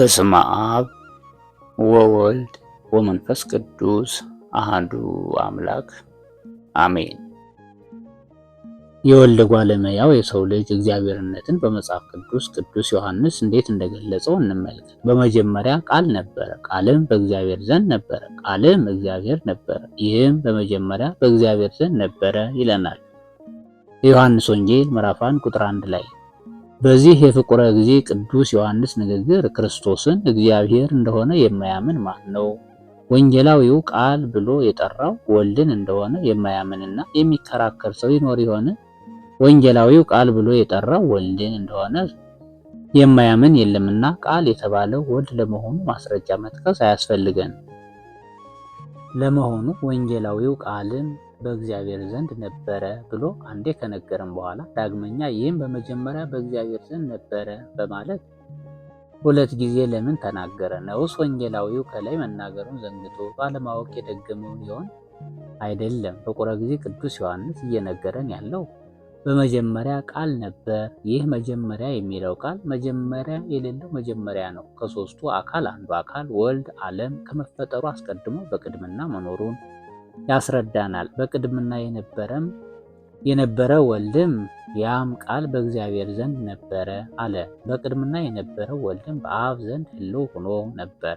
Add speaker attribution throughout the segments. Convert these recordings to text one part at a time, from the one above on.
Speaker 1: በስመ አብ ወወልድ ወመንፈስ ቅዱስ አህዱ አምላክ አሜን። የወልደ ጓለመያው የሰው ልጅ እግዚአብሔርነትን በመጽሐፍ ቅዱስ ቅዱስ ዮሐንስ እንዴት እንደገለጸው እንመልከት። በመጀመሪያ ቃል ነበረ፣ ቃልም በእግዚአብሔር ዘንድ ነበረ፣ ቃልም እግዚአብሔር ነበረ፣ ይህም በመጀመሪያ በእግዚአብሔር ዘንድ ነበረ ይለናል የዮሐንስ ወንጌል ምዕራፍ 1 ቁጥር አንድ ላይ በዚህ የፍቁረ ጊዜ ቅዱስ ዮሐንስ ንግግር ክርስቶስን እግዚአብሔር እንደሆነ የማያምን ማን ነው? ወንጌላዊው ቃል ብሎ የጠራው ወልድን እንደሆነ የማያምንና የሚከራከር ሰው ይኖር ይሆን? ወንጌላዊው ቃል ብሎ የጠራው ወልድን እንደሆነ የማያምን የለምና ቃል የተባለው ወልድ ለመሆኑ ማስረጃ መጥቀስ አያስፈልገን። ለመሆኑ ወንጌላዊው ቃልን በእግዚአብሔር ዘንድ ነበረ ብሎ አንዴ ከነገረን በኋላ ዳግመኛ ይህም በመጀመሪያ በእግዚአብሔር ዘንድ ነበረ በማለት ሁለት ጊዜ ለምን ተናገረ? ነውስ ወንጌላዊው ከላይ መናገሩን ዘንግቶ ባለማወቅ የደገመው ይሆን አይደለም። በቁረ ጊዜ ቅዱስ ዮሐንስ እየነገረን ያለው በመጀመሪያ ቃል ነበር። ይህ መጀመሪያ የሚለው ቃል መጀመሪያ የሌለው መጀመሪያ ነው። ከሶስቱ አካል አንዱ አካል ወልድ ዓለም ከመፈጠሩ አስቀድሞ በቅድምና መኖሩን ያስረዳናል። በቅድምና የነበረም የነበረ ወልድም ያም ቃል በእግዚአብሔር ዘንድ ነበረ አለ። በቅድምና የነበረው ወልድም በአብ ዘንድ ሕልው ሆኖ ነበረ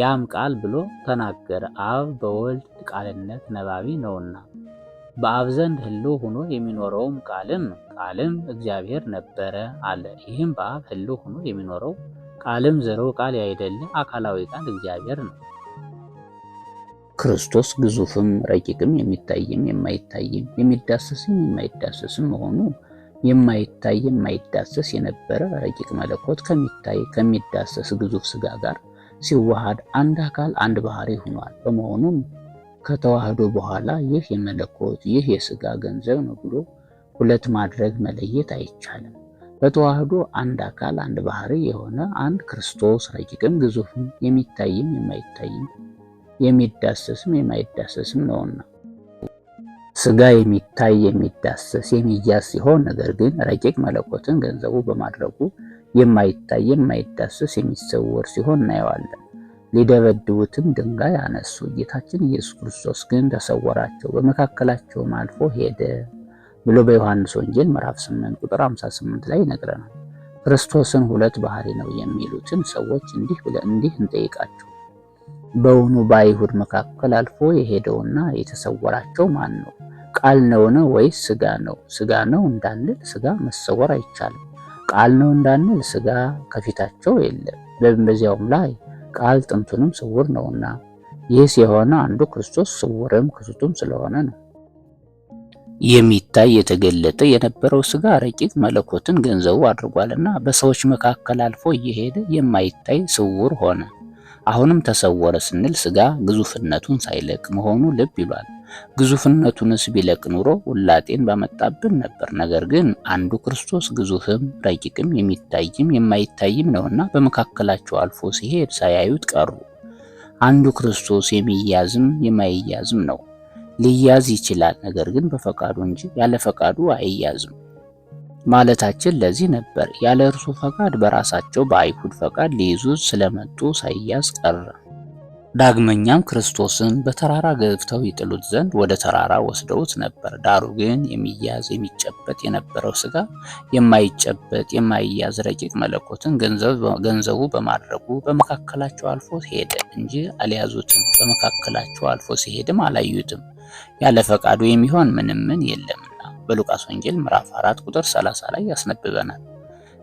Speaker 1: ያም ቃል ብሎ ተናገረ። አብ በወልድ ቃልነት ነባቢ ነውና በአብ ዘንድ ሕልው ሆኖ የሚኖረውም ቃልም ቃልም እግዚአብሔር ነበረ አለ። ይህም በአብ ሕልው ሆኖ የሚኖረው ቃልም ዘሮ ቃል ያይደለ አካላዊ ቃል እግዚአብሔር ነው። ክርስቶስ ግዙፍም ረቂቅም የሚታይም የማይታይም የሚዳሰስም የማይዳሰስም መሆኑ የማይታይ የማይዳሰስ የነበረ ረቂቅ መለኮት ከሚታይ ከሚዳሰስ ግዙፍ ስጋ ጋር ሲዋሃድ አንድ አካል አንድ ባህሪ ሆኗል። በመሆኑም ከተዋህዶ በኋላ ይህ የመለኮት ይህ የስጋ ገንዘብ ነው ብሎ ሁለት ማድረግ መለየት አይቻልም። በተዋህዶ አንድ አካል አንድ ባህሪ የሆነ አንድ ክርስቶስ ረቂቅም ግዙፍም የሚታይም የማይታይም የሚዳሰስም የማይዳሰስም ነውና ስጋ የሚታይ የሚዳሰስ የሚያዝ ሲሆን ነገር ግን ረቂቅ መለኮትን ገንዘቡ በማድረጉ የማይታይ የማይዳሰስ የሚሰወር ሲሆን እናየዋለን። ሊደበድቡትም ድንጋይ አነሱ። ጌታችን ኢየሱስ ክርስቶስ ግን ተሰወራቸው፣ በመካከላቸውም አልፎ ሄደ ብሎ በዮሐንስ ወንጌል ምዕራፍ 8 ቁጥር 58 ላይ ይነግረናል። ክርስቶስን ሁለት ባህሪ ነው የሚሉትን ሰዎች እንዲህ ብለን እንዲህ እንጠይቃቸው በውኑ በአይሁድ መካከል አልፎ የሄደውና የተሰወራቸው ማን ነው? ቃል ነውን ወይስ ስጋ ነው? ስጋ ነው እንዳንል ስጋ መሰወር አይቻልም። ቃል ነው እንዳንል ስጋ ከፊታቸው የለም። በዚያውም ላይ ቃል ጥንቱንም ስውር ነውና፣ ይህስ የሆነ አንዱ ክርስቶስ ስውርም ክሱቱም ስለሆነ ነው። የሚታይ የተገለጠ የነበረው ስጋ ረቂቅ መለኮትን ገንዘቡ አድርጓልና በሰዎች መካከል አልፎ እየሄደ የማይታይ ስውር ሆነ። አሁንም ተሰወረ ስንል ስጋ ግዙፍነቱን ሳይለቅ መሆኑ ልብ ይሏል። ግዙፍነቱንስ ቢለቅ ኑሮ ውላጤን ባመጣብን ነበር። ነገር ግን አንዱ ክርስቶስ ግዙፍም ረቂቅም የሚታይም የማይታይም ነውና በመካከላቸው አልፎ ሲሄድ ሳያዩት ቀሩ። አንዱ ክርስቶስ የሚያዝም የማይያዝም ነው። ሊያዝ ይችላል፣ ነገር ግን በፈቃዱ እንጂ ያለ ፈቃዱ አይያዝም። ማለታችን ለዚህ ነበር። ያለ እርሱ ፈቃድ በራሳቸው በአይሁድ ፈቃድ ሊይዙት ስለመጡ ሳይያዝ ቀረ። ዳግመኛም ክርስቶስን በተራራ ገፍተው ይጥሉት ዘንድ ወደ ተራራ ወስደውት ነበር። ዳሩ ግን የሚያዝ የሚጨበጥ የነበረው ስጋ የማይጨበጥ የማይያዝ ረቂቅ መለኮትን ገንዘቡ በማድረጉ በመካከላቸው አልፎ ሄደ እንጂ አልያዙትም። በመካከላቸው አልፎ ሲሄድም አላዩትም። ያለ ፈቃዱ የሚሆን ምንም ምን የለም። በሉቃስ ወንጌል ምዕራፍ 4 ቁጥር 30 ላይ ያስነብበናል።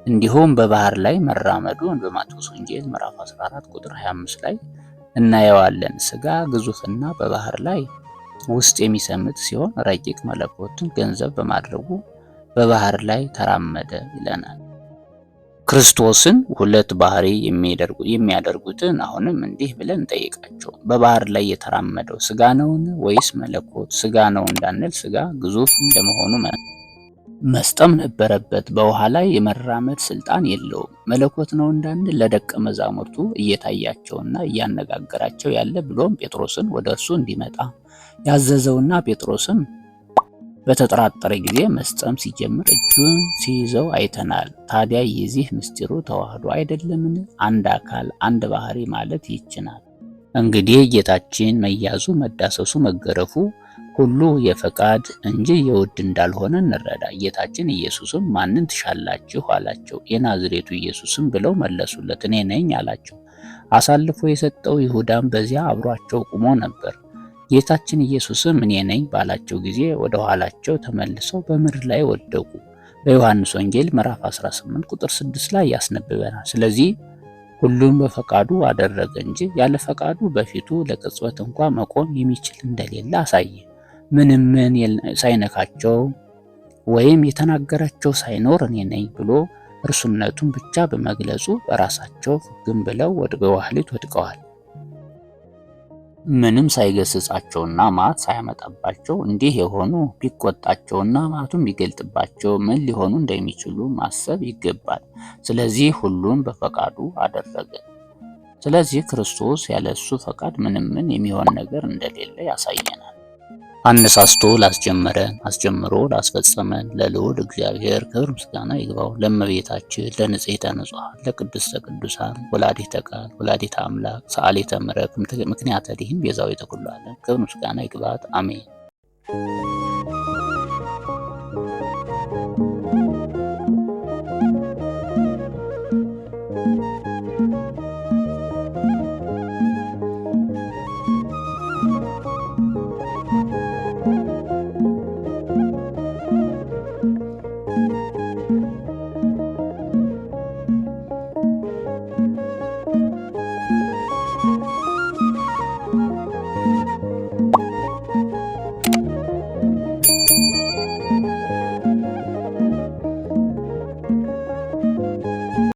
Speaker 1: እንዲሁም በባህር ላይ መራመዱን በማቴዎስ ወንጌል ምዕራፍ 14 ቁጥር 25 ላይ እናየዋለን። ስጋ ግዙፍና በባህር ላይ ውስጥ የሚሰምጥ ሲሆን ረቂቅ መለኮትን ገንዘብ በማድረጉ በባህር ላይ ተራመደ ይለናል። ክርስቶስን ሁለት ባህሪ የሚያደርጉትን አሁንም እንዲህ ብለን እንጠይቃቸው። በባህር ላይ የተራመደው ስጋ ነውን ወይስ መለኮት? ስጋ ነው እንዳንል ስጋ ግዙፍ እንደመሆኑ መስጠም ነበረበት። በውሃ ላይ የመራመድ ስልጣን የለውም። መለኮት ነው እንዳንል ለደቀ መዛሙርቱ እየታያቸውና እያነጋገራቸው ያለ ብሎም ጴጥሮስን ወደ እርሱ እንዲመጣ ያዘዘውና ጴጥሮስም በተጠራጠረ ጊዜ መስጠም ሲጀምር እጁን ሲይዘው አይተናል። ታዲያ የዚህ ምስጢሩ ተዋህዶ አይደለምን? አንድ አካል አንድ ባህሪ ማለት ይችናል። እንግዲህ ጌታችን መያዙ፣ መዳሰሱ፣ መገረፉ ሁሉ የፈቃድ እንጂ የውድ እንዳልሆነ እንረዳ። ጌታችን ኢየሱስም ማንን ትሻላችሁ አላቸው። የናዝሬቱ ኢየሱስም ብለው መለሱለት። እኔ ነኝ አላቸው። አሳልፎ የሰጠው ይሁዳም በዚያ አብሯቸው ቁሞ ነበር። ጌታችን ኢየሱስም እኔ ነኝ ባላቸው ጊዜ ወደ ኋላቸው ተመልሰው በምድር ላይ ወደቁ። በዮሐንስ ወንጌል ምዕራፍ 18 ቁጥር 6 ላይ ያስነብበናል። ስለዚህ ሁሉም በፈቃዱ አደረገ እንጂ ያለ ፈቃዱ በፊቱ ለቅጽበት እንኳ መቆም የሚችል እንደሌለ አሳየ። ምንም ምን ሳይነካቸው ወይም የተናገራቸው ሳይኖር እኔ ነኝ ብሎ እርሱነቱን ብቻ በመግለጹ በራሳቸው ግን ብለው ወደ ወድቀዋል። ምንም ሳይገስጻቸውና ማት ሳያመጣባቸው እንዲህ የሆኑ ቢቆጣቸውና ማቱም ቢገልጥባቸው ምን ሊሆኑ እንደሚችሉ ማሰብ ይገባል። ስለዚህ ሁሉን በፈቃዱ አደረገ። ስለዚህ ክርስቶስ ያለ እሱ ፈቃድ ምንም ምን የሚሆን ነገር እንደሌለ ያሳየናል። አነሳስቶ ላስጀመረን አስጀምሮ ላስፈጸመን ለልዑል እግዚአብሔር ክብር ምስጋና ይግባው። ለእመቤታችን ለንጽሕተ ንጹሐን ለቅድስተ ቅዱሳን ወላዲተ ቃል ወላዲተ አምላክ ሰአሊተ ምሕረት ምክንያተ ዲህም ቤዛዊተ ኩሉ ዓለም ክብር ምስጋና ይግባት። አሜን።